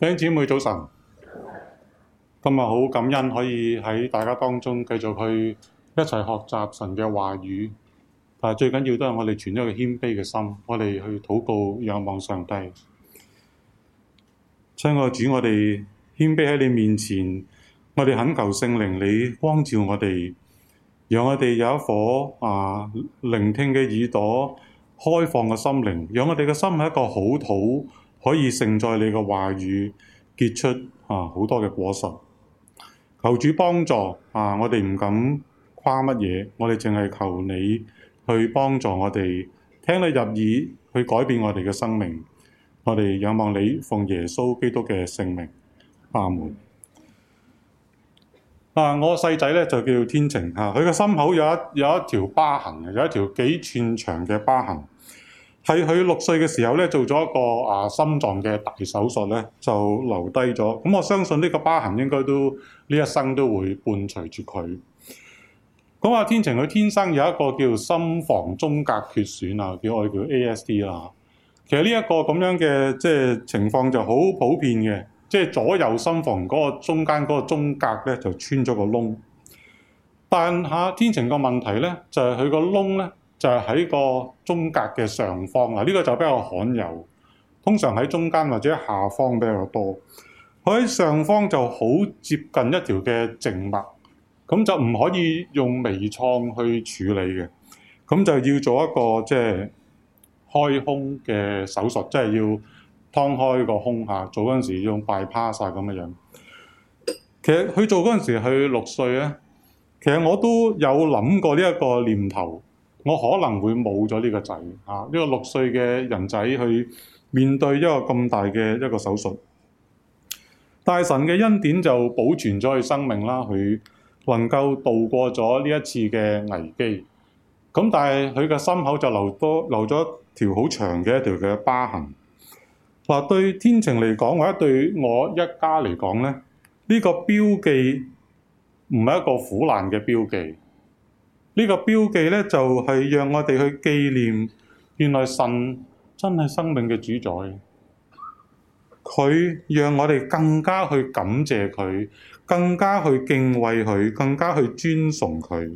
弟兄姊妹早晨，今日好感恩可以喺大家當中繼續去一齊學習神嘅話語，但係最緊要都係我哋存一個謙卑嘅心，我哋去禱告仰望上帝。親愛的主，我哋謙卑喺你面前，我哋懇求聖靈你光照我哋，讓我哋有一顆啊聆聽嘅耳朵，開放嘅心靈，讓我哋嘅心係一個好土。可以承載你嘅話語，結出啊好多嘅果實。求主幫助啊！我哋唔敢誇乜嘢，我哋淨係求你去幫助我哋，聽你入耳，去改變我哋嘅生命。我哋仰望你奉耶穌基督嘅聖名，阿門。嗱，我細仔呢就叫天晴嚇，佢個心口有一有一條疤痕，有一條幾寸長嘅疤痕。喺佢六歲嘅時候咧，做咗一個啊心臟嘅大手術咧，就留低咗。咁我相信呢個疤痕應該都呢一生都會伴隨住佢。咁、嗯、阿天晴，佢天生有一個叫心房中隔缺損啊，叫我哋叫 A S D 啦。其實呢一個咁樣嘅即係情況就好普遍嘅，即係左右心房嗰個中間嗰個中隔咧就穿咗個窿。但下、啊、天晴個問題咧就係佢個窿咧。就係喺個中隔嘅上方嗱，呢個就比較罕有。通常喺中間或者下方比較多。佢喺上方就好接近一條嘅靜脈，咁就唔可以用微創去處理嘅。咁就要做一個即係開胸嘅手術，即係要劏開個胸下，做嗰陣時要用 bypass 咁嘅樣。其實佢做嗰陣時，佢六歲咧。其實我都有諗過呢一個念頭。我可能會冇咗呢個仔，啊，呢個六歲嘅人仔去面對一個咁大嘅一個手術，大神嘅恩典就保存咗佢生命啦，佢能夠渡過咗呢一次嘅危機。咁但係佢嘅心口就留多留咗條好長嘅一條嘅疤痕。嗱，對天晴嚟講，或者對我一家嚟講咧，呢個標記唔係一個苦難嘅標記。呢個標記咧，就係讓我哋去紀念，原來神真係生命嘅主宰。佢讓我哋更加去感謝佢，更加去敬畏佢，更加去尊崇佢。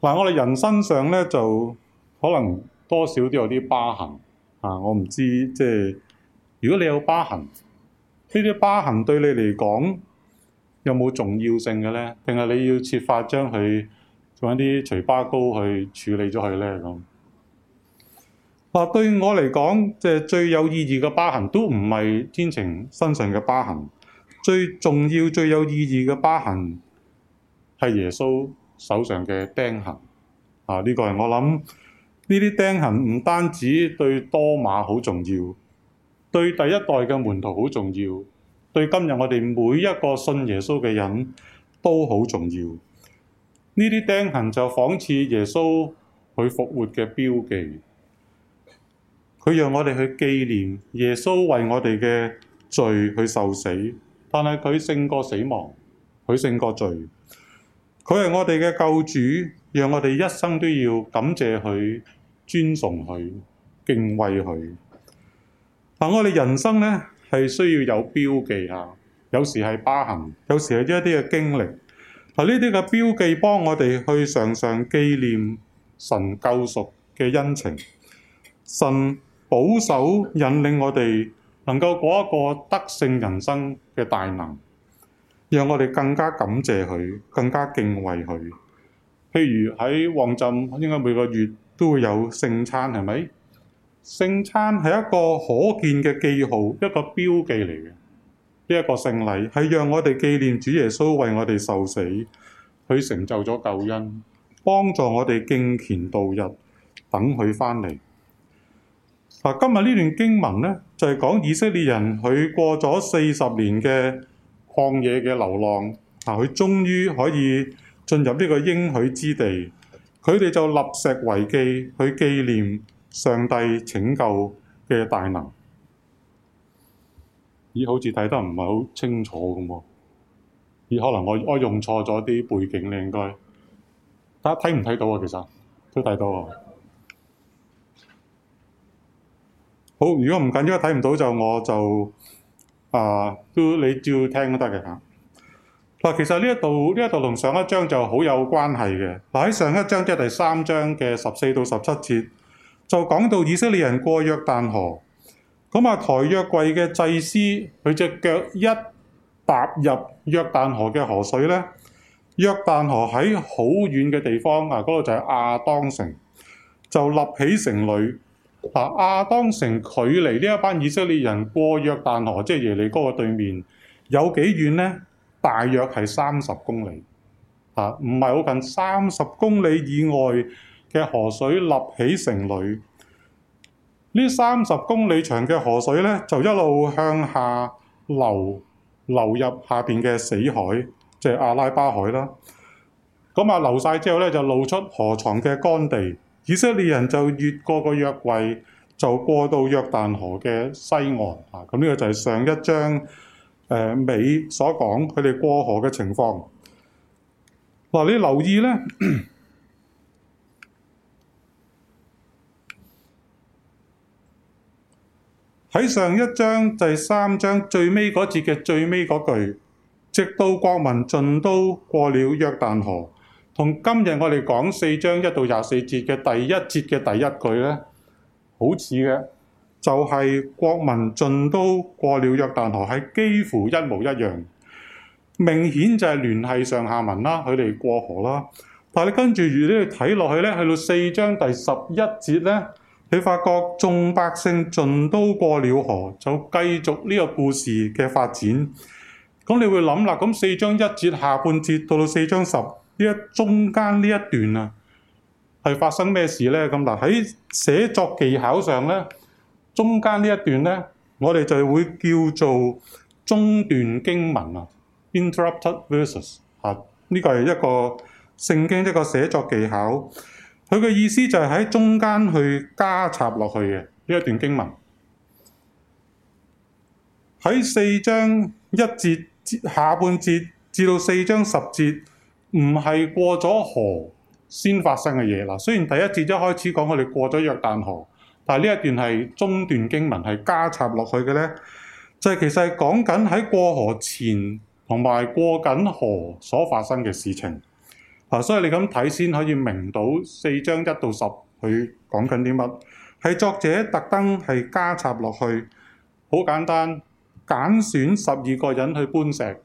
嗱，我哋人身上咧，就可能多少都有啲疤痕。啊，我唔知即係，如果你有疤痕，呢啲疤痕對你嚟講有冇重要性嘅咧？定係你要設法將佢？做一啲除疤膏去處理咗佢咧，咁。啊，對我嚟講，即係最有意義嘅疤痕都唔係天晴身上嘅疤痕，最重要，最有意義嘅疤痕係耶穌手上嘅釘痕。啊，呢個係我諗，呢啲釘痕唔單止對多馬好重要，對第一代嘅門徒好重要，對今日我哋每一個信耶穌嘅人都好重要。呢啲釘痕就仿似耶穌佢復活嘅標記，佢讓我哋去紀念耶穌為我哋嘅罪去受死，但係佢勝過死亡，佢勝過罪，佢係我哋嘅救主，讓我哋一生都要感謝佢、尊崇佢、敬畏佢。嗱，我哋人生咧係需要有標記啊，有時係疤痕，有時係一啲嘅經歷。係呢啲嘅標記，幫我哋去常常紀念神救贖嘅恩情，神保守引領我哋能夠過一個得勝人生嘅大能，讓我哋更加感謝佢，更加敬畏佢。譬如喺旺浸，應該每個月都會有聖餐，係咪？聖餐係一個可見嘅記號，一個標記嚟嘅。呢一個聖禮係讓我哋紀念主耶穌為我哋受死，佢成就咗救恩，幫助我哋敬虔度日，等佢返嚟。嗱，今日呢段經文呢，就係講以色列人佢過咗四十年嘅曠野嘅流浪，嗱，佢終於可以進入呢個應許之地，佢哋就立石為記，去紀念上帝拯救嘅大能。咦、呃，好似睇得唔係好清楚咁喎。咦、呃，可能我我用錯咗啲背景咧，你應該大家睇唔睇到啊？其實都睇到啊。好，如果唔緊要睇唔到，就我就啊、呃，都你照聽都得嘅嚇。嗱，其實呢一度呢一度同上一章就好有關係嘅。嗱，喺上一章即係第三章嘅十四到十七節，就講到以色列人過約旦河。咁啊，抬約櫃嘅祭司，佢隻腳一踏入約旦河嘅河水咧，約旦河喺好遠嘅地方啊，嗰度就係亞當城，就立起城壘。啊，亞當城距離呢一班以色列人過約旦河，即係耶利哥嘅對面，有幾遠咧？大約係三十公里。啊，唔係好近，三十公里以外嘅河水立起城壘。呢三十公里長嘅河水咧，就一路向下流，流入下邊嘅死海，即係阿拉巴海啦。咁啊，流晒之後咧，就露出河床嘅乾地。以色列人就越過個約櫃，就過到約旦河嘅西岸。啊，咁呢個就係上一章誒尾所講佢哋過河嘅情況。嗱、啊，你留意咧。喺上一章第三章最尾嗰節嘅最尾嗰句，直到國民盡都過了約旦河，同今日我哋講四章一到廿四節嘅第一節嘅第一句咧，好似嘅，就係、是、國民盡都過了約旦河，係幾乎一模一樣。明顯就係聯繫上下文啦，佢哋過河啦。但係你跟住餘啲嘢睇落去咧，去到四章第十一節咧。你發覺眾百姓盡都過了河，就繼續呢個故事嘅發展。咁你會諗啦，咁四章一節下半節到到四章十呢一中間呢一段啊，係發生咩事咧？咁嗱喺寫作技巧上咧，中間呢一段咧，我哋就會叫做中段經文啊 （Interrupted verses）。嚇，呢個係一個聖經一個寫作技巧。佢嘅意思就係喺中間去加插落去嘅呢一段經文，喺四章一節至下半節至到四章十節，唔係過咗河先發生嘅嘢啦。雖然第一節一開始講我哋過咗約旦河，但係呢一段係中段經文係加插落去嘅，呢就係、是、其實係講緊喺過河前同埋過緊河所發生嘅事情。啊，所以你咁睇先可以明到四章一到十佢講緊啲乜，係作者特登係加插落去，好簡單，揀選十二個人去搬石，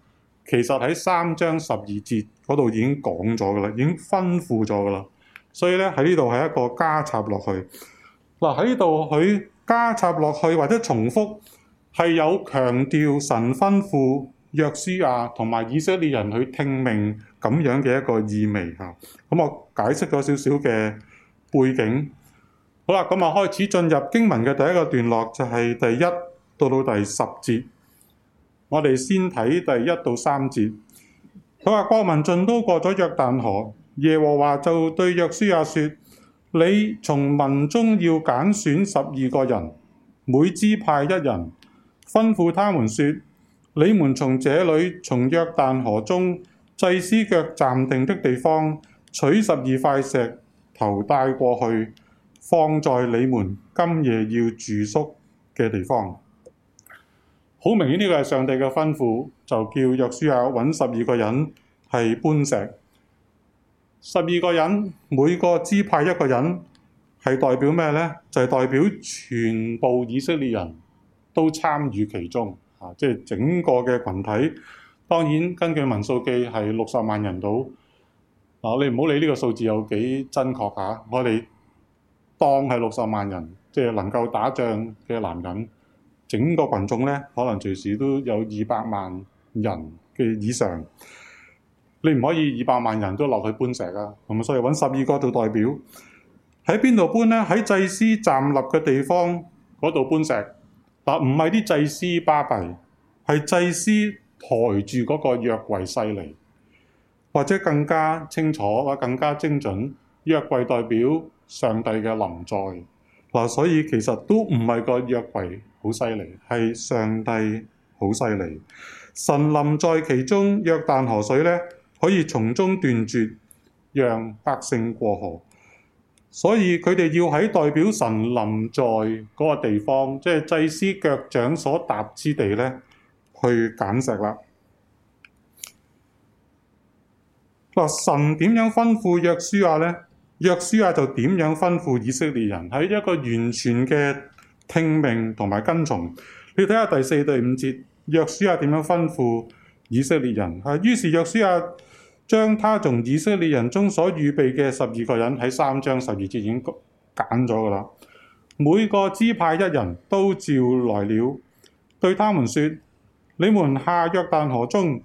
其實喺三章十二節嗰度已經講咗噶啦，已經吩咐咗噶啦，所以咧喺呢度係一個加插落去。嗱，喺呢度佢加插落去或者重複係有強調神吩咐約書亞同埋以色列人去聽命。咁樣嘅一個意味嚇，咁、啊啊、我解釋咗少少嘅背景。好啦，咁啊，啊，啊開始進入經文嘅第一個段落，就係、是、第一到到第十節。我哋先睇第一到三節。佢、啊、話：國、啊、民進都過咗約旦河，耶和華就對約書亞說：你從民中要揀選十二個人，每支派一人，吩咐他們說：你們從這裏，從約旦河中，祭司腳站定的地方，取十二塊石頭帶過去，放在你們今夜要住宿嘅地方。好明顯呢個係上帝嘅吩咐，就叫約書亞搵十二個人係搬石。十二個人每個支派一個人，係代表咩呢？就係、是、代表全部以色列人都參與其中，啊，即係整個嘅群體。當然，根據民數記係六十萬人度，嗱你唔好理呢個數字有幾真確嚇。我哋當係六十萬人，即係能夠打仗嘅男人，整個群眾咧，可能隨時都有二百萬人嘅以上。你唔可以二百萬人都落去搬石啊，咁埋所以揾十二個做代表。喺邊度搬咧？喺祭司站立嘅地方嗰度搬石。嗱，唔係啲祭司巴閉，係祭司。抬住嗰個約櫃犀利，或者更加清楚，或者更加精準。約櫃代表上帝嘅臨在嗱、呃，所以其實都唔係個約櫃好犀利，係上帝好犀利。神臨在其中，約旦河水咧可以從中斷絕，讓百姓過河。所以佢哋要喺代表神臨在嗰個地方，即係祭司腳掌所踏之地咧。去揀石啦。嗱，神點樣吩咐約書亞咧？約書亞就點樣吩咐以色列人喺一個完全嘅聽命同埋跟從。你睇下第四、第五節，約書亞點樣吩咐以色列人啊？於是約書亞將他從以色列人中所預備嘅十二個人喺三章十二節已經揀咗噶啦。每個支派一人都召來了，對他們說。你們下約旦河中，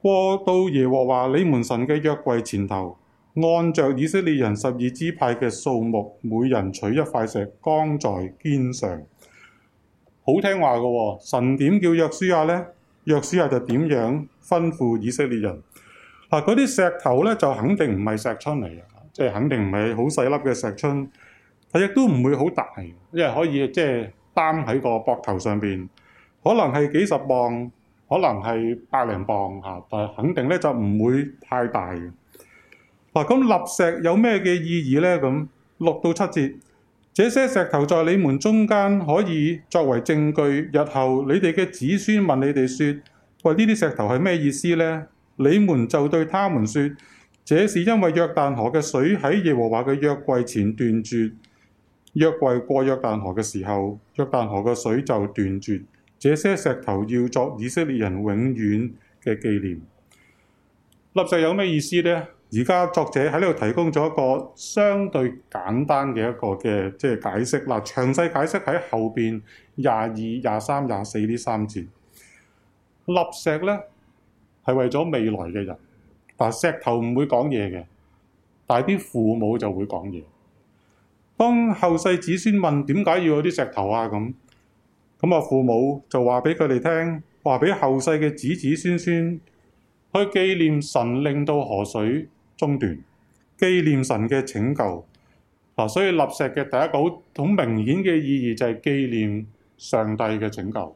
過到耶和華你們神嘅約櫃前頭，按着以色列人十二支派嘅數目，每人取一塊石，扛在肩上。好聽話嘅喎，神點叫約書亞咧？約書亞就點樣吩咐以色列人？嗱，嗰啲石頭咧就肯定唔係石春嚟嘅，即係肯定唔係好細粒嘅石春，但亦都唔會好大，因為可以即係擔喺個膊頭上邊。可能係幾十磅，可能係百零磅嚇、啊，但係肯定咧就唔會太大嘅。嗱、啊，咁立石有咩嘅意義咧？咁六到七節，這些石頭在你們中間可以作為證據。日後你哋嘅子孫問你哋説：喂，呢啲石頭係咩意思咧？你們就對他們説：這是因為約旦河嘅水喺耶和華嘅約櫃前斷絕，約櫃過約旦河嘅時候，約旦河嘅水就斷絕。這些石頭要作以色列人永遠嘅紀念。立石有咩意思呢？而家作者喺呢度提供咗一個相對簡單嘅一個嘅即係解釋。嗱，詳細解釋喺後邊廿二、廿三、廿四呢三節。立石咧係為咗未來嘅人。但石頭唔會講嘢嘅，但係啲父母就會講嘢。當後世子孫問點解要有啲石頭啊咁？咁我父母就話俾佢哋聽，話俾後世嘅子子孫孫去紀念神令到河水中斷，紀念神嘅拯救。嗱，所以立石嘅第一個好明顯嘅意義就係紀念上帝嘅拯救。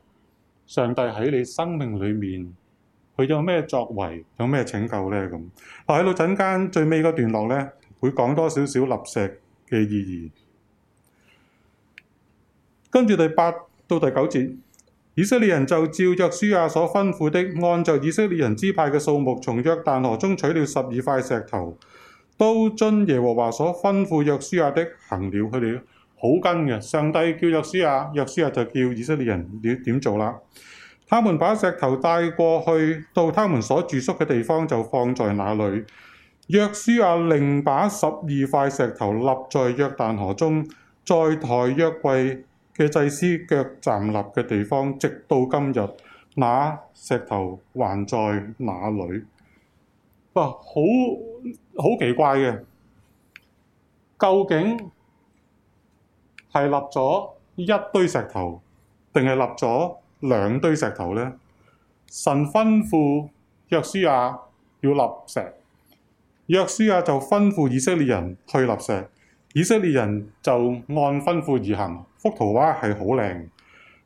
上帝喺你生命裏面，佢有咩作為，有咩拯救咧？咁，嗱，喺老陣間最尾嗰段落咧，會講多少少立石嘅意義。跟住第八。到第九節，以色列人就照著約書亞所吩咐的，按照以色列人支派嘅數目，從約旦河中取了十二塊石頭，都遵耶和華所吩咐約書亞的行了。佢哋好跟嘅，上帝叫約書亞，約書亞就叫以色列人點做啦。他們把石頭帶過去，到他們所住宿嘅地方就放在那裡。約書亞另把十二塊石頭立在約旦河中，在抬約櫃嘅祭司腳站立嘅地方，直到今日，那石頭還在那裡。嘩，好好奇怪嘅，究竟係立咗一堆石頭，定係立咗兩堆石頭咧？神吩咐約書亞要立石，約書亞就吩咐以色列人去立石，以色列人就按吩咐而行。幅圖畫係好靚，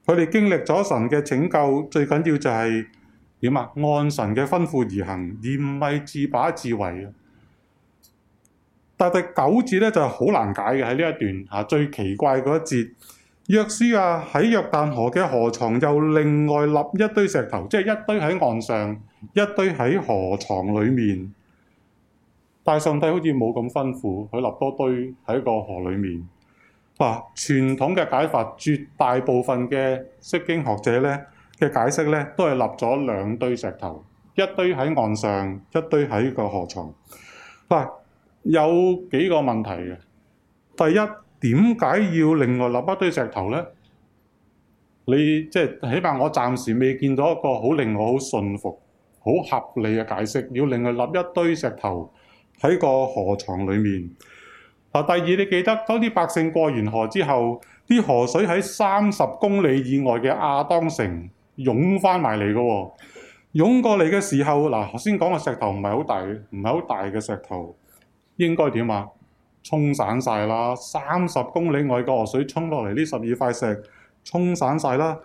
佢哋經歷咗神嘅拯救，最緊要就係點啊？按神嘅吩咐而行，而唔係自把自為。但係九節咧就好難解嘅，喺呢一段嚇，最奇怪嗰一節。約書亞喺約旦河嘅河床又另外立一堆石頭，即係一堆喺岸上，一堆喺河床裡面。但上帝好似冇咁吩咐，佢立多堆喺個河裡面。嗱，傳統嘅解法，絕大部分嘅釋經學者咧嘅解釋咧，都係立咗兩堆石頭，一堆喺岸上，一堆喺個河床。嗱，有幾個問題嘅。第一，點解要另外立一堆石頭呢？你即係、就是、起碼我暫時未見到一個好令我好信服、好合理嘅解釋，要另外立一堆石頭喺個河床裡面。第二，你記得當啲百姓過完河之後，啲河水喺三十公里以外嘅亞當城湧翻埋嚟嘅喎，湧過嚟嘅時候，嗱，頭先講嘅石頭唔係好大，唔係好大嘅石頭，應該點啊？沖散晒啦！三十公里外嘅河水沖落嚟，呢十二塊石沖散晒啦，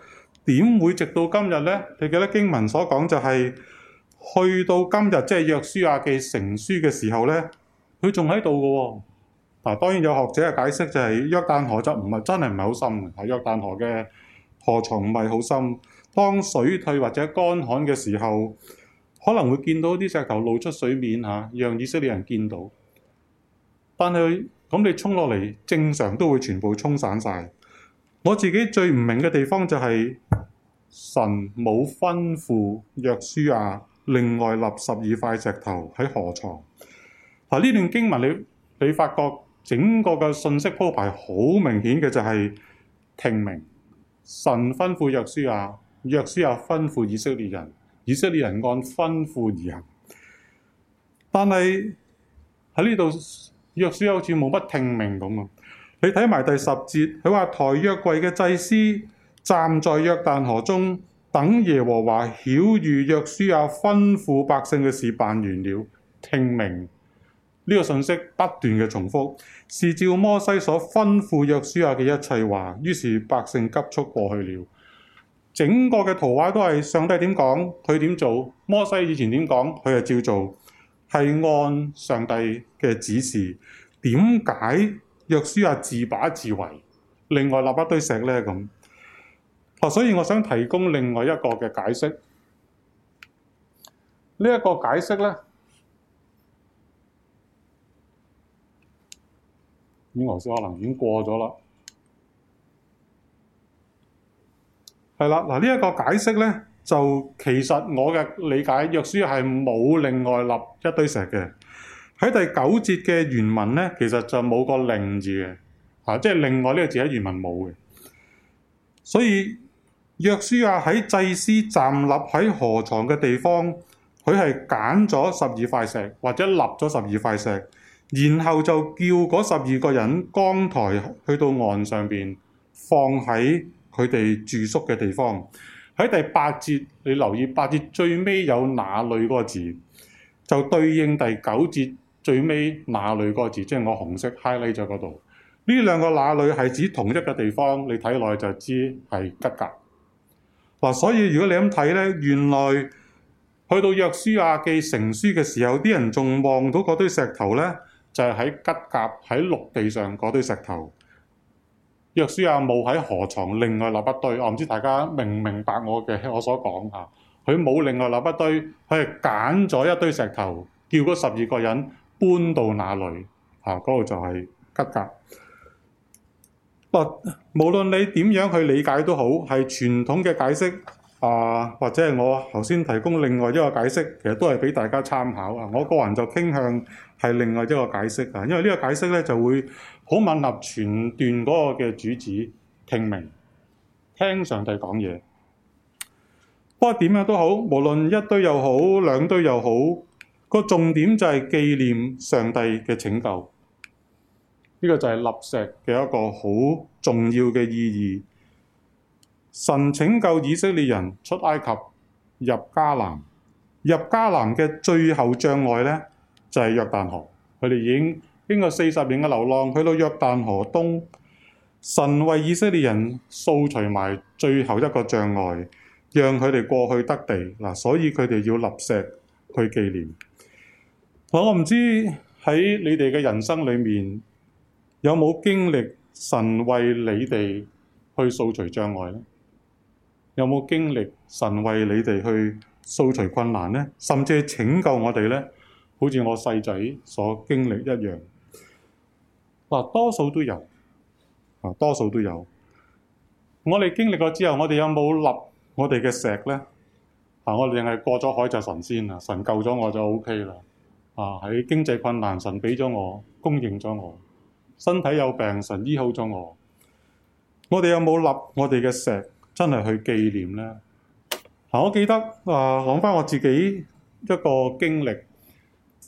點會直到今日呢？你記得經文所講就係去到今日，即係約書亞記成書嘅時候呢，佢仲喺度嘅喎。嗱、啊，當然有學者嘅解釋就係約旦河就唔係真係唔係好深嘅，係約旦河嘅河床唔係好深。當水退或者乾旱嘅時候，可能會見到啲石頭露出水面嚇、啊，讓以色列人見到。但係咁你沖落嚟，正常都會全部沖散晒。我自己最唔明嘅地方就係、是、神冇吩咐約書亞、啊、另外立十二塊石頭喺河床。嗱、啊，呢段經文你你發覺？整個嘅信息鋪排好明顯嘅就係聽命。神吩咐約書亞、啊，約書亞、啊、吩咐以色列人，以色列人按吩咐而行。但係喺呢度，約書亞好似冇乜聽命咁啊！你睇埋第十節，佢話抬約櫃嘅祭司站在約旦河中等耶和華曉諭約書亞、啊、吩咐百姓嘅事辦完了，聽命。呢個信息不斷嘅重複，是照摩西所吩咐約書亞嘅一切話。於是百姓急速過去了。整個嘅圖畫都係上帝點講，佢點做。摩西以前點講，佢就照做，係按上帝嘅指示。點解約書亞自把自為，另外立一堆石呢？咁、哦，所以我想提供另外一個嘅解釋。呢、這、一個解釋呢？啲外事可能已經過咗啦，係啦，嗱呢一個解釋呢，就其實我嘅理解，約書亞係冇另外立一堆石嘅。喺第九節嘅原文呢，其實就冇個另字嘅，啊，即係另外呢個字喺原文冇嘅。所以約書亞喺祭司站立喺河床嘅地方，佢係揀咗十二塊石，或者立咗十二塊石。然後就叫嗰十二個人剛抬去到岸上邊，放喺佢哋住宿嘅地方。喺第八節，你留意八節最尾有那裏嗰個字，就對應第九節最尾那裏嗰個字，即係我紅色 highlight 咗嗰度。呢兩個那裏係指同一個地方，你睇落就知係吉格。嗱，所以如果你咁睇呢，原來去到約書亞記成書嘅時候，啲人仲望到嗰堆石頭呢。就係喺吉甲喺陸地上嗰堆石頭，約書亞冇喺河床另外立一堆，我唔知大家明唔明白我嘅我所講吓。佢冇另外立一堆，佢係揀咗一堆石頭，叫嗰十二個人搬到那裡吓，嗰度就係吉甲。嗱，無論你點樣去理解都好，係傳統嘅解釋啊，或者係我頭先提供另外一個解釋，其實都係俾大家參考啊。我個人就傾向。係另外一個解釋啊，因為呢個解釋呢就會好吻合全段嗰個嘅主旨，聽明聽上帝講嘢。不過點樣都好，無論一堆又好，兩堆又好，個重點就係紀念上帝嘅拯救。呢、這個就係立石嘅一個好重要嘅意義。神拯救以色列人出埃及，入迦南，入迦南嘅最後障礙呢。就係約旦河，佢哋已經經過四十年嘅流浪，去到約旦河東，神為以色列人掃除埋最後一個障礙，讓佢哋過去得地，所以佢哋要立石去紀念。我唔知喺你哋嘅人生裡面，有冇經歷神為你哋去掃除障礙呢？有冇經歷神為你哋去掃除困難呢？甚至拯救我哋呢？好似我細仔所經歷一樣，嗱、啊，多數都有，啊，多數都有。我哋經歷過之後，我哋有冇立我哋嘅石咧？啊，我哋淨係過咗海就神仙啦，神救咗我就 OK 啦。啊，喺經濟困難，神俾咗我供應咗我，身體有病，神醫好咗我。我哋有冇立我哋嘅石，真係去紀念咧？嗱、啊，我記得啊，講翻我自己一個經歷。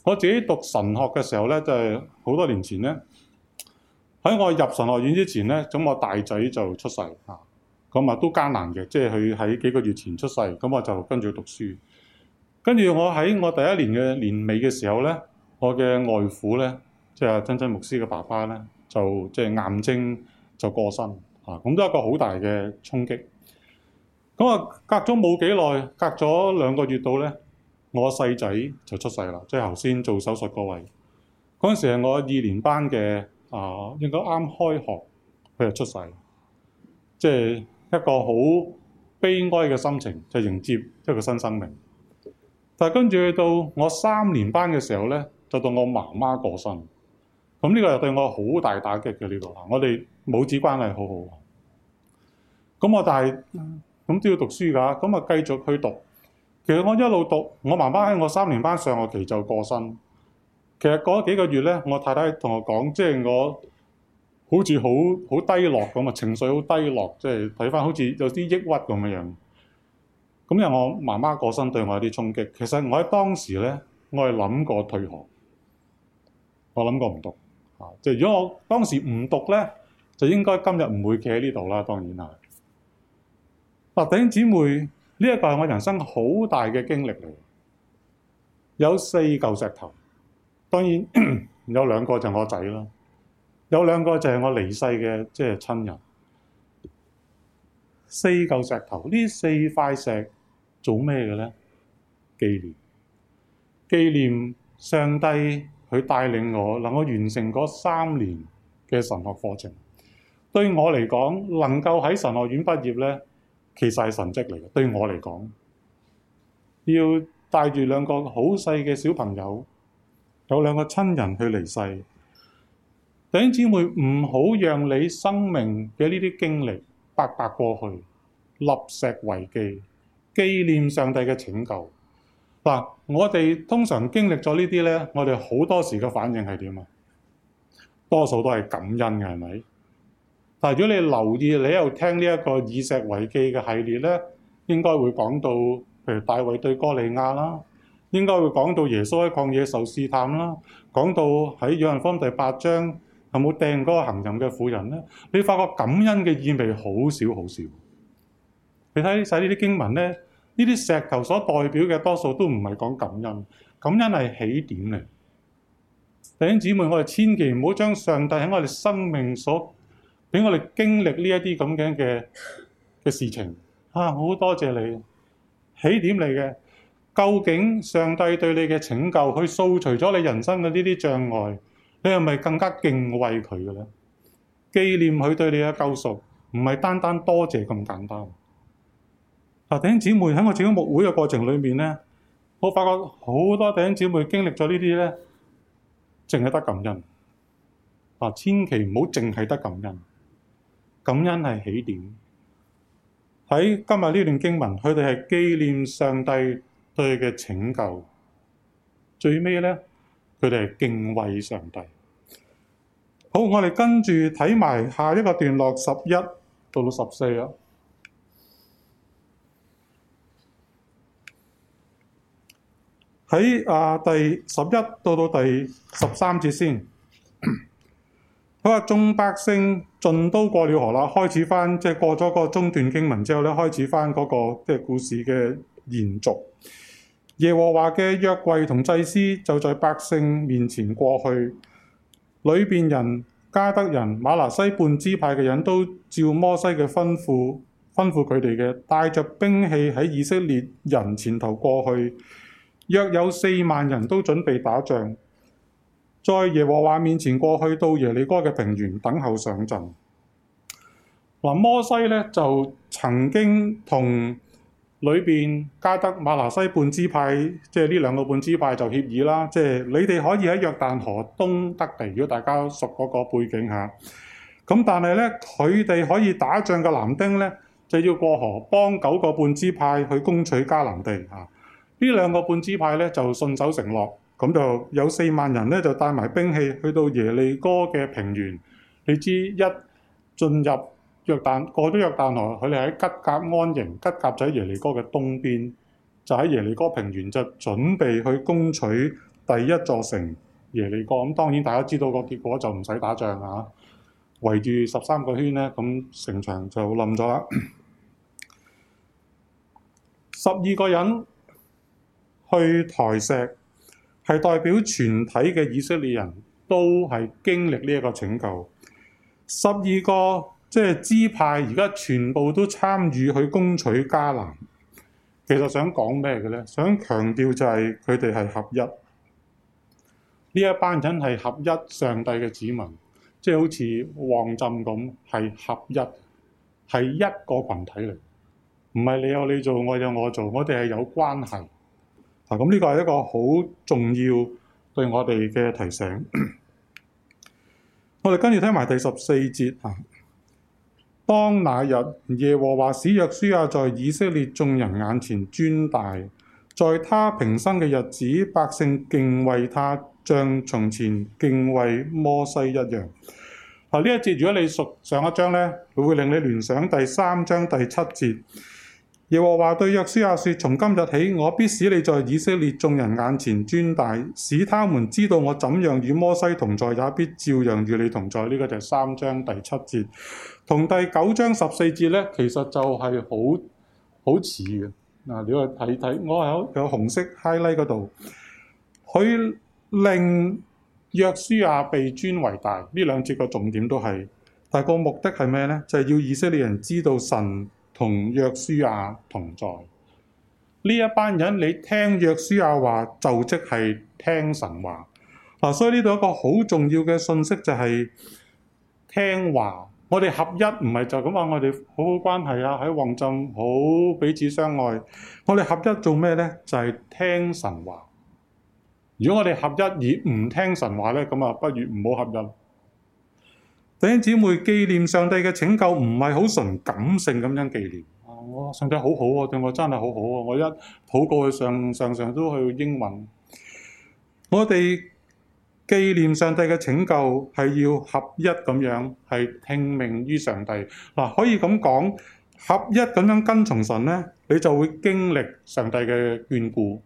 我自己讀神學嘅時候咧，就係、是、好多年前咧，喺我入神學院之前咧，咁我大仔就出世嚇，咁啊都艱難嘅，即係佢喺幾個月前出世，咁我就跟住佢讀書。跟住我喺我第一年嘅年尾嘅時候咧，我嘅外父咧，即係阿真真牧師嘅爸爸咧，就即係癌症就過身嚇，咁、啊、都一個好大嘅衝擊。咁啊，隔咗冇幾耐，隔咗兩個月度咧。我細仔就出世啦，即係頭先做手術嗰位，嗰陣時係我二年班嘅啊，應該啱開學佢就出世，即係一個好悲哀嘅心情，就迎接一個新生命。但係跟住去到我三年班嘅時候咧，就到我媽媽過身，咁呢個又對我好大打擊嘅呢度啦。我哋母子關係好好，咁我但係咁都要讀書㗎，咁啊繼續去讀。其實我一路讀，我媽媽喺我三年班上學期就過身。其實過咗幾個月咧，我太太同我講，即係我好似好好低落咁啊，情緒好低落，即係睇翻好似有啲抑鬱咁嘅樣。咁又我媽媽過身對我有啲衝擊。其實我喺當時咧，我係諗過退學，我諗過唔讀啊。即係如果我當時唔讀咧，就應該今日唔會企喺呢度啦。當然啦，啊，弟兄姊妹。呢一個係我人生好大嘅經歷嚟，有四嚿石頭，當然有兩個就我仔啦，有兩個就係我，我離世嘅即係親人。四嚿石頭，呢四塊石做咩嘅咧？紀念，紀念上帝，佢帶領我能夠完成嗰三年嘅神學課程。對我嚟講，能夠喺神學院畢業咧。其實係神蹟嚟嘅，對我嚟講，要帶住兩個好細嘅小朋友，有兩個親人去離世，弟兄姊妹唔好讓你生命嘅呢啲經歷白白過去，立石為記，紀念上帝嘅拯救。嗱、啊，我哋通常經歷咗呢啲咧，我哋好多時嘅反應係點啊？多數都係感恩嘅，係咪？但如果你留意，你一路聽呢一個以石為記嘅系列咧，應該會講到譬如大衛對哥利亞啦，應該會講到耶穌喺曠野受試探啦，講到喺約翰福音第八章有冇掟嗰個行淫嘅婦人咧？你發覺感恩嘅意味好少好少。你睇晒呢啲經文咧，呢啲石頭所代表嘅多數都唔係講感恩，感恩係起點嚟。弟兄姊妹，我哋千祈唔好將上帝喺我哋生命所俾我哋經歷呢一啲咁樣嘅嘅事情啊，好多謝你起點嚟嘅。究竟上帝對你嘅拯救，去掃除咗你人生嘅呢啲障礙，你係咪更加敬畏佢嘅咧？紀念佢對你嘅救贖，唔係單單多謝咁簡單。啊，弟兄姊妹，喺我整個牧會嘅過程裏面咧，我發覺好多弟兄姊妹經歷咗呢啲咧，淨係得感恩啊！千祈唔好淨係得感恩。感恩係起點，喺今日呢段經文，佢哋係紀念上帝對佢嘅拯救，最尾咧，佢哋係敬畏上帝。好，我哋跟住睇埋下一個段落十一到十四啊，喺啊第十一到到第十三節先，佢話，眾百姓。盡都過了河啦，開始翻即係過咗個中段經文之後呢，開始翻嗰個即係故事嘅延續。耶和華嘅約櫃同祭司就在百姓面前過去，流便人、迦得人、瑪拿西半支派嘅人都照摩西嘅吩咐吩咐佢哋嘅，帶着兵器喺以色列人前頭過去，約有四萬人都準備打仗。在耶和華面前，過去到耶利哥嘅平原等候上陣。嗱、啊，摩西咧就曾經同裏邊加德、馬拿西半支派，即係呢兩個半支派就協議啦，即、就、係、是、你哋可以喺約旦河東得地。如果大家熟嗰個背景嚇，咁、啊、但係咧佢哋可以打仗嘅男丁咧，就要過河幫九個半支派去攻取迦南地嚇。呢、啊、兩個半支派咧就信守承諾。咁就有四萬人咧，就帶埋兵器去到耶利哥嘅平原。你知一進入約旦，過咗約旦河，佢哋喺吉甲安營，吉甲就喺耶利哥嘅東邊，就喺耶利哥平原就準備去攻取第一座城耶利哥。咁當然大家知道個結果就唔使打仗啊！圍住十三個圈咧，咁城牆就冧咗啦。十二個人去抬石。係代表全體嘅以色列人都係經歷呢一個拯救。十二個即係支派，而家全部都參與去攻取迦南。其實想講咩嘅咧？想強調就係佢哋係合一。呢一班人係合一上帝嘅子民，即係好似旺浸咁，係合一，係一個群體嚟。唔係你有你做，我有我做，我哋係有關係。嗱，咁呢個係一個好重要對我哋嘅提醒。 我哋跟住聽埋第十四節啊。當那日耶和華使約書亞在以色列眾人眼前尊大，在他平生嘅日子，百姓敬畏他，像從前敬畏摩西一樣。啊，呢一節如果你熟上一章呢，佢會令你聯想第三章第七節。耶和華對約書亞說：從今日起，我必使你在以色列眾人眼前尊大，使他們知道我怎樣與摩西同在，也必照樣與你同在。呢個就係三章第七節同第九章十四節咧，其實就係好好似嘅。嗱，你去睇睇，我喺有紅色 highlight 嗰度，佢令約書亞被尊為大。呢兩節個重點都係，但係個目的係咩咧？就係要以色列人知道神。同約書亞同在，呢一班人，你聽約書亞話就即係聽神話，嗱、啊，所以呢度一個好重要嘅信息就係、是、聽話。我哋合一唔係就咁話，我哋好好關係啊，喺旺浸好彼此相愛。我哋合一做咩呢？就係、是、聽神話。如果我哋合一而唔聽神話呢，咁啊，不如唔好合一等兄姊妹，紀念上帝嘅拯救唔係好純感性咁樣紀念。我、啊、上帝好好啊，對我真係好好啊！我一禱告去上，上上都去英文。我哋紀念上帝嘅拯救係要合一咁樣，係聽命於上帝。嗱、啊，可以咁講，合一咁樣跟從神咧，你就會經歷上帝嘅眷顧。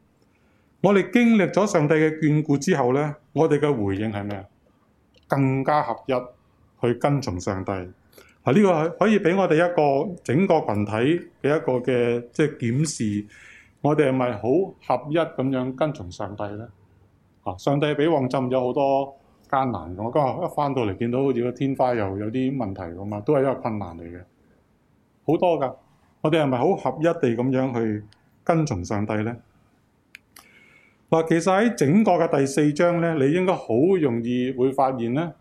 我哋經歷咗上帝嘅眷顧之後咧，我哋嘅回應係咩啊？更加合一。去跟從上帝，啊呢、這個可以俾我哋一個整個群體嘅一個嘅即係檢視，我哋係咪好合一咁樣跟從上帝咧？啊，上帝俾旺浸咗好多艱難，我今日一翻到嚟見到好似個天花又有啲問題噶嘛，都係一個困難嚟嘅，好多噶，我哋係咪好合一地咁樣去跟從上帝咧？嗱、啊，其實喺整個嘅第四章咧，你應該好容易會發現咧。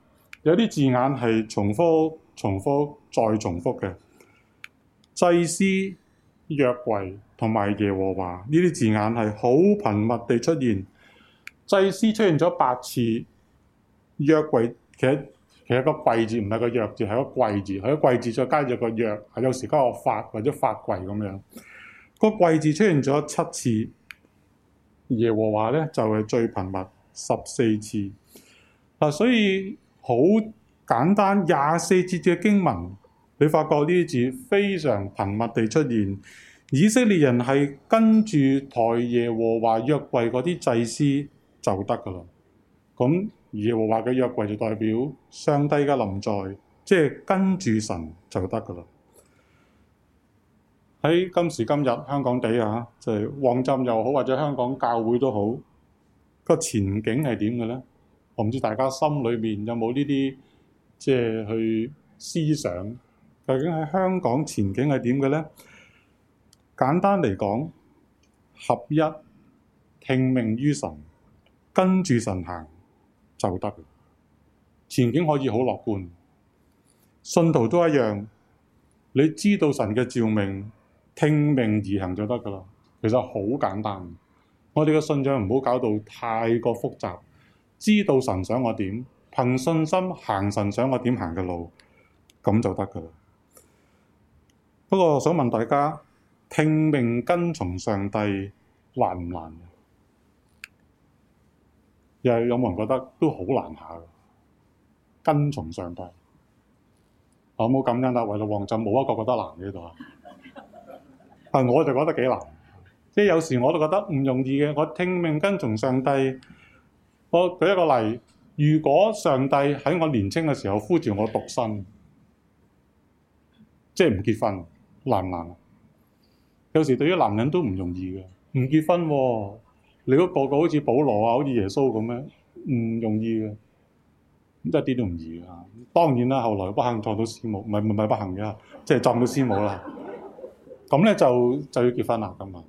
有啲字眼係重，重複、重複、再重複嘅。祭司、約櫃同埋耶和華呢啲字眼係好頻密地出現。祭司出現咗八次，約櫃其實其實個櫃字唔係個約字，係個櫃字，係個櫃字再加住個約，係有時加個法或者法櫃咁樣。個櫃字出現咗七次，耶和華咧就係最頻密十四次。嗱、啊，所以。好簡單廿四節嘅經文，你發覺呢啲字非常頻密地出現。以色列人係跟住抬耶和華約櫃嗰啲祭司就得㗎喇。咁耶和華嘅約櫃就代表上帝嘅臨在，即係跟住神就得㗎喇。喺今時今日香港地啊，就係旺浸又好或者香港教會都好，個前景係點嘅咧？我唔知大家心裏面有冇呢啲，即係去思想究竟喺香港前景係點嘅咧？簡單嚟講，合一聽命於神，跟住神行就得。前景可以好樂觀，信徒都一樣。你知道神嘅召命，聽命而行就得㗎喇。其實好簡單。我哋嘅信仰唔好搞到太過複雜。知道神想我點，憑信心行神想我點行嘅路，咁就得噶啦。不過想問大家，聽命跟從上帝難唔難？又係有冇人覺得都好難下嘅？跟從上帝，我冇感恩啦！為老王震冇一個覺得難呢度啊！但我就覺得幾難，即係有時我都覺得唔容易嘅。我聽命跟從上帝。我舉一個例，如果上帝喺我年青嘅時候呼召我獨身，即係唔結婚，難唔難啊？有時對於男人都唔容易嘅，唔結婚，你嗰個個好似保羅啊，好似耶穌咁樣，唔容易嘅，咁一啲都唔易嘅。當然啦，後來不幸撞到師母，唔係唔係不幸嘅，即係撞到師母啦。咁咧就就要結婚啦，咁啊，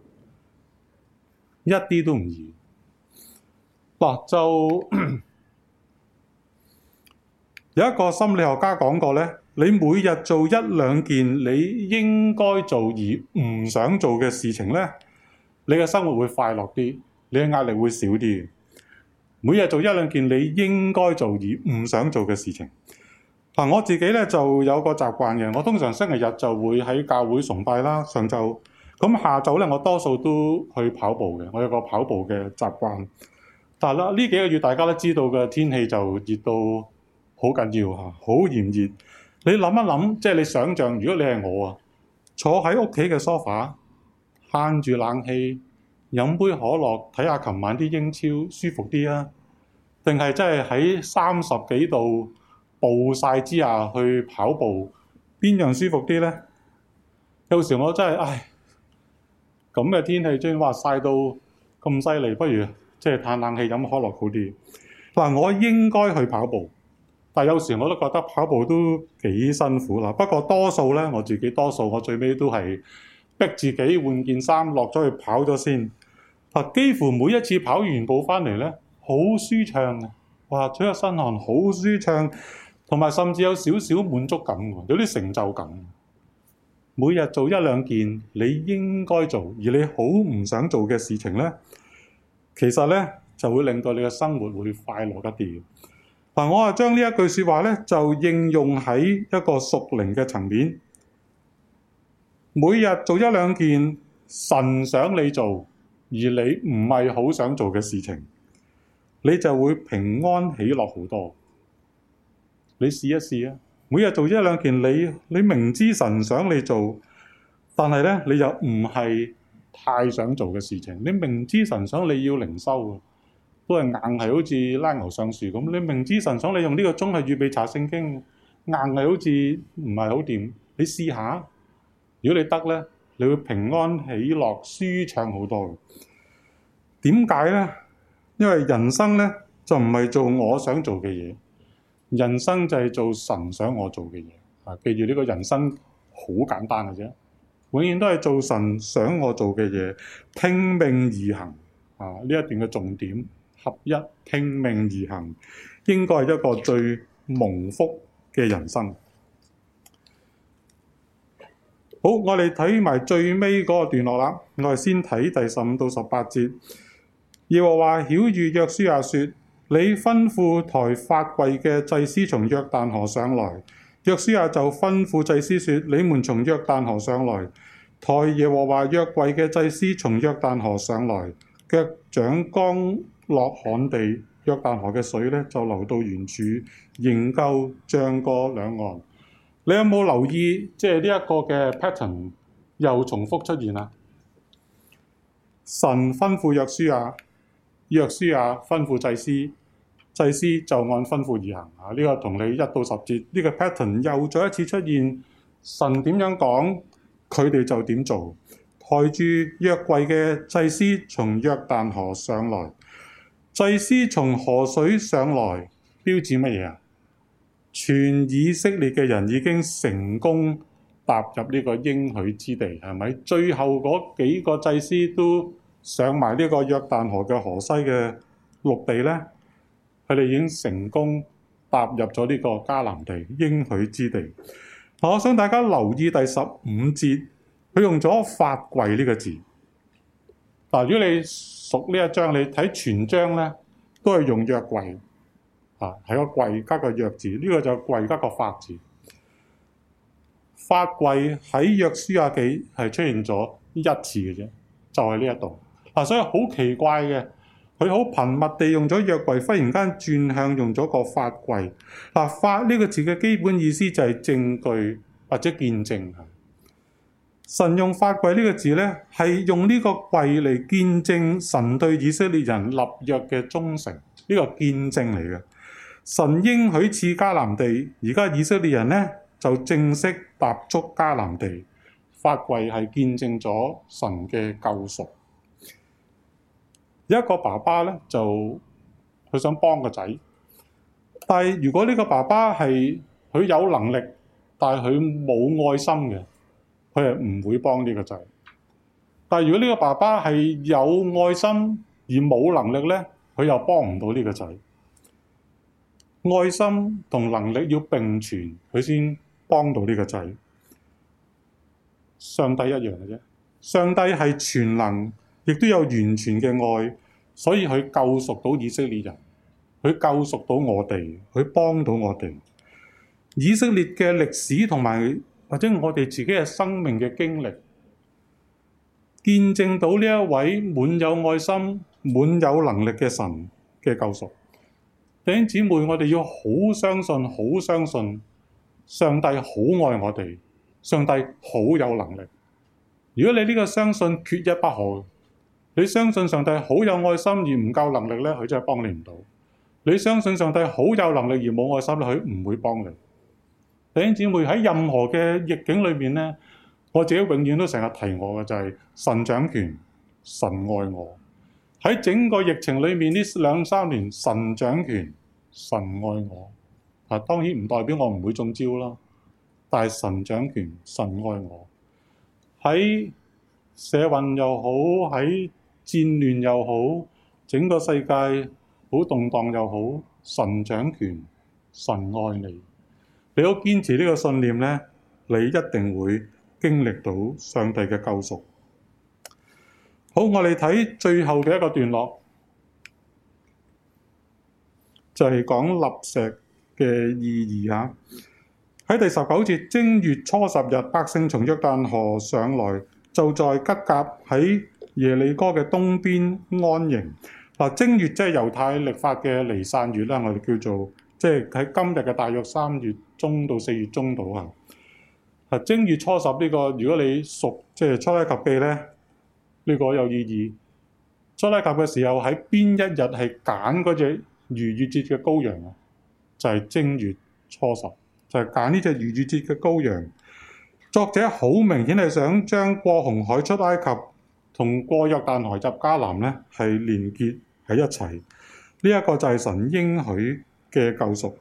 一啲都唔易。就 有一個心理學家講過咧，你每日做一兩件你應該做而唔想做嘅事情咧，你嘅生活會快樂啲，你嘅壓力會少啲。每日做一兩件你應該做而唔想做嘅事情。嗱、啊，我自己咧就有個習慣嘅，我通常星期日就會喺教會崇拜啦，上晝咁下晝咧，我多數都去跑步嘅，我有個跑步嘅習慣。但係啦，呢幾個月大家都知道嘅天氣就熱到好緊要嚇，好炎熱。你諗一諗，即係你想像，如果你係我啊，坐喺屋企嘅 sofa，慳住冷氣，飲杯可樂，睇下琴晚啲英超，舒服啲啊。定係真係喺三十幾度暴曬之下去跑步，邊樣舒服啲呢？有時我真係，唉，咁嘅天氣真係話曬到咁犀利，不如～即係嘆冷氣飲可樂好啲。嗱，我應該去跑步，但有時我都覺得跑步都幾辛苦啦。不過多數咧，我自己多數我最尾都係逼自己換件衫落咗去跑咗先。哇！幾乎每一次跑完步翻嚟咧，好舒暢呀，哇！出咗身汗好舒暢，同埋甚至有少少滿足感喎，有啲成就感。每日做一兩件你應該做而你好唔想做嘅事情咧。其實呢，就會令到你嘅生活會快樂一啲嘅。但我啊將呢句説話咧就應用喺一個屬靈嘅層面。每日做一兩件神想你做而你唔係好想做嘅事情，你就會平安喜樂好多。你試一試啊！每日做一兩件你你明知神想你做，但係呢，你又唔係太想做嘅事情，你明知神想你要靈修嘅，都係硬係好似拉牛上樹咁。你明知神想你用呢個鐘去預備查聖經，硬係好似唔係好掂。你試下，如果你得咧，你會平安喜樂舒暢好多。點解咧？因為人生咧就唔係做我想做嘅嘢，人生就係做神想我做嘅嘢。記住呢個人生好簡單嘅啫。永遠都係做神想我做嘅嘢，聽命而行啊！呢一段嘅重點合一，聽命而行，應該係一個最蒙福嘅人生。好，我哋睇埋最尾嗰個段落啦。我哋先睇第十五到十八節。耶和華曉諭約書亞說：你吩咐抬法櫃嘅祭司從約旦河上來。約書亞就吩咐祭司說：你們從約旦河上來，抬耶和華約櫃嘅祭司從約旦河上來，腳掌剛落旱地，約旦河嘅水呢就流到原處，仍舊漲過兩岸。你有冇留意，即係呢一個嘅 pattern 又重複出現啦？神吩咐約書亞，約書亞吩咐祭司。祭司就按吩咐而行啊！呢個同你一到十節呢個 pattern 又再一次出現。神點樣講，佢哋就點做。抬住約櫃嘅祭司從約旦河上來，祭司從河水上來，標誌乜嘢啊？全以色列嘅人已經成功踏入呢個應許之地，係咪？最後嗰幾個祭司都上埋呢個約旦河嘅河西嘅陸地咧。佢哋已經成功踏入咗呢個迦南地，應許之地，啊。我想大家留意第十五節，佢用咗法櫃呢、這個字。嗱、啊，如果你熟呢一章，你睇全章咧，都係用約櫃啊，係個櫃加個約字。呢、這個就係、是、櫃加個法字。法櫃喺約書亞記係出現咗一次嘅啫，就係呢一度。嗱、啊，所以好奇怪嘅。佢好頻密地用咗約櫃，忽然間轉向用咗個法櫃。嗱，法呢個字嘅基本意思就係證據或者見證。神用法櫃呢個字呢，係用呢個櫃嚟見證神對以色列人立約嘅忠誠，呢個見證嚟嘅。神應許賜迦南地，而家以色列人呢，就正式踏足迦南地。法櫃係見證咗神嘅救贖。一個爸爸咧，就佢想幫個仔。但係如果呢個爸爸係佢有能力，但係佢冇愛心嘅，佢係唔會幫呢個仔。但係如果呢個爸爸係有愛心而冇能力咧，佢又幫唔到呢個仔。愛心同能力要並存，佢先幫到呢個仔。上帝一樣嘅啫，上帝係全能，亦都有完全嘅愛，所以佢救贖到以色列人，佢救贖到我哋，佢幫到我哋。以色列嘅歷史同埋或者我哋自己嘅生命嘅經歷，見證到呢一位滿有愛心、滿有能力嘅神嘅救贖。弟兄姊妹，我哋要好相信，好相信上帝好愛我哋，上帝好有能力。如果你呢個相信缺一不可。你相信上帝好有愛心而唔夠能力咧，佢真係幫你唔到。你相信上帝好有能力而冇愛心，佢唔會幫你。弟兄姊妹，喺任何嘅逆境裏面咧，我自己永遠都成日提我嘅就係神掌權，神愛我。喺整個疫情裏面呢兩三年，神掌權，神愛我。啊，當然唔代表我唔會中招啦，但係神掌權，神愛我。喺社運又好喺戰亂又好，整個世界好動盪又好，神掌權，神愛你。你若堅持呢個信念呢，你一定會經歷到上帝嘅救贖。好，我哋睇最後嘅一個段落，就係講立石嘅意義嚇。喺第十九節，正月初十日，百姓從約旦河上來，就在吉甲喺。耶利哥嘅東邊安營。嗱，正月即係猶太曆法嘅離散月啦，我哋叫做即係喺今日嘅大約三月中到四月中到啊。嗱，正月初十呢個如果你熟即係出埃及記咧，呢個有意義。出埃及嘅時候喺邊一日係揀嗰隻逾越節嘅羔羊啊？就係正月初十，就係揀呢隻逾越節嘅羔羊。作者好明顯係想將過紅海出埃及同過約旦河入迦南咧係連結喺一齊，呢、這、一個就係神應許嘅救贖。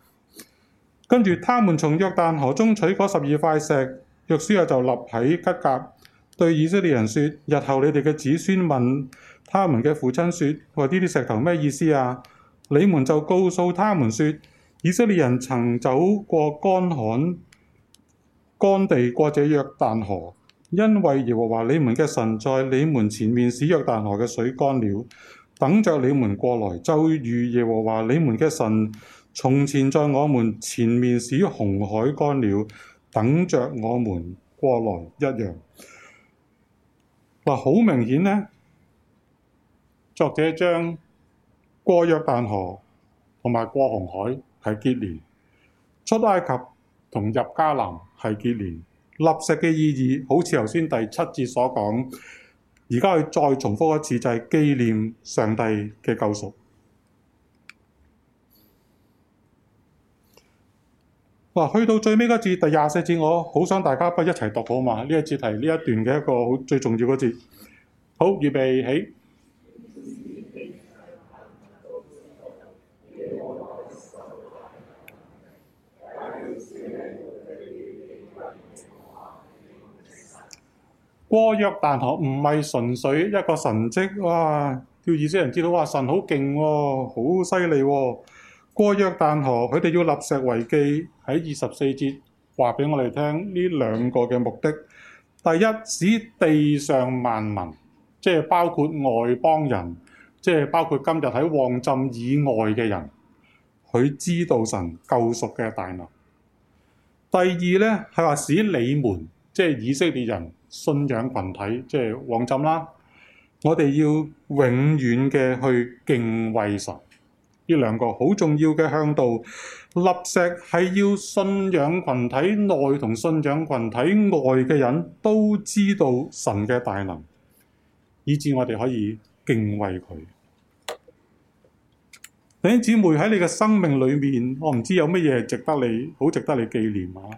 跟住，他們從約旦河中取嗰十二塊石，約書亞就立喺吉甲，對以色列人說：，日後你哋嘅子孫問他們嘅父親，說：，喂，呢啲石頭咩意思啊？你們就告訴他們說：，以色列人曾走過乾旱乾地，過者約旦河。因為耶和華你們嘅神在你們前面使約但河嘅水乾了，等着你們過來；就如耶和華你們嘅神從前在我們前面使紅海乾了，等着我們過來一樣。嗱、啊，好明顯呢，作者將過約但河同埋過紅海係結連，出埃及同入迦南係結連。立石嘅意義，好似頭先第七節所講，而家我再重複一次，就係紀念上帝嘅救贖。嗱，去到最尾嗰節，第廿四節，我好想大家不一齊讀好嘛？呢一節題，呢一段嘅一個好最重要嗰節。好，預備起。過約但河唔係純粹一個神蹟，哇！叫以色列人知道，哇！神好勁喎、啊，好犀利喎！過約但河，佢哋要立石為記。喺二十四節話俾我哋聽呢兩個嘅目的：第一，使地上萬民，即係包括外邦人，即係包括今日喺旺浸以外嘅人，佢知道神救贖嘅大能；第二呢係話使你們，即係以色列人。信仰群體即係旺浸啦，我哋要永遠嘅去敬畏神，呢兩個好重要嘅向度。立石係要信仰群體內同信仰群體外嘅人都知道神嘅大能，以至我哋可以敬畏佢。弟兄姊妹喺你嘅生命裏面，我唔知有乜嘢值得你好值得你紀念啊？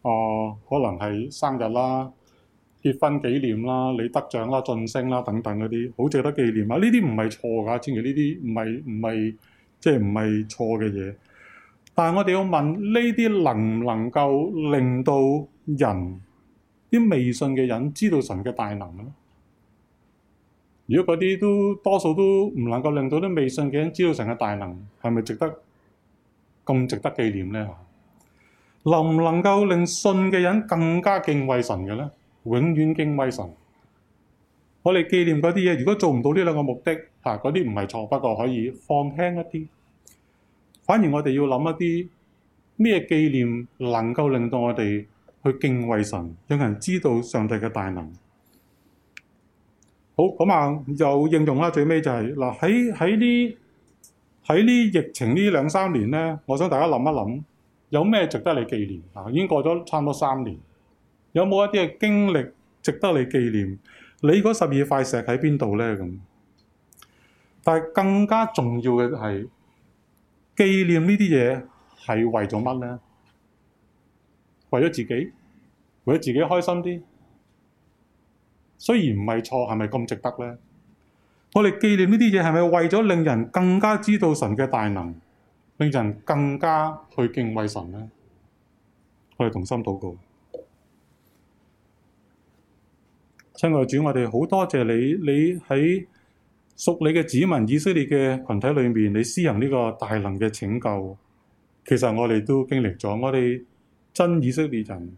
啊、呃，可能係生日啦。結婚紀念啦，你得獎啦、晉升啦等等嗰啲，好值得紀念啊！呢啲唔係錯㗎，正如呢啲唔係唔係即係唔係錯嘅嘢。但係我哋要問呢啲能唔能夠令到人啲未信嘅人知道神嘅大能咧？如果嗰啲都多數都唔能夠令到啲未信嘅人知道神嘅大能，係咪值得咁值得紀念咧？能唔能夠令信嘅人更加敬畏神嘅咧？永遠敬畏神，我哋紀念嗰啲嘢。如果做唔到呢兩個目的，嚇嗰啲唔係錯，不過可以放輕一啲。反而我哋要諗一啲咩紀念能夠令到我哋去敬畏神，讓人知道上帝嘅大能。好，咁啊，又應用啦。最尾就係、是、嗱，喺喺呢喺呢疫情呢兩三年咧，我想大家諗一諗，有咩值得你紀念啊？已經過咗差唔多三年。有冇一啲嘅經歷值得你紀念？你嗰十二塊石喺邊度咧？咁，但係更加重要嘅係紀念呢啲嘢係為咗乜咧？為咗自己，為咗自己開心啲。雖然唔係錯，係咪咁值得咧？我哋紀念呢啲嘢係咪為咗令人更加知道神嘅大能，令人更加去敬畏神咧？我哋同心禱告。親愛主，我哋好多謝你，你喺屬你嘅子民以色列嘅群體裏面，你施行呢個大能嘅拯救。其實我哋都經歷咗，我哋真以色列人，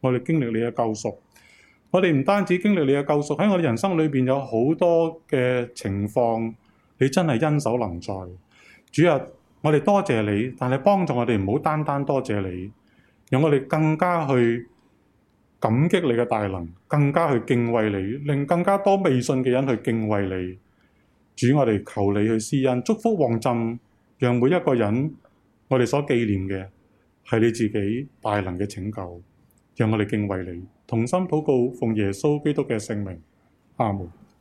我哋經歷你嘅救贖。我哋唔單止經歷你嘅救贖，喺我哋人生裏邊有好多嘅情況，你真係恩手能在。主啊，我哋多謝你，但係幫助我哋唔好單單多謝你，讓我哋更加去。感激你嘅大能，更加去敬畏你，令更加多未信嘅人去敬畏你。主，我哋求你去施恩，祝福王震，讓每一個人，我哋所紀念嘅係你自己大能嘅拯救，讓我哋敬畏你，同心禱告，奉耶穌基督嘅聖名，阿門。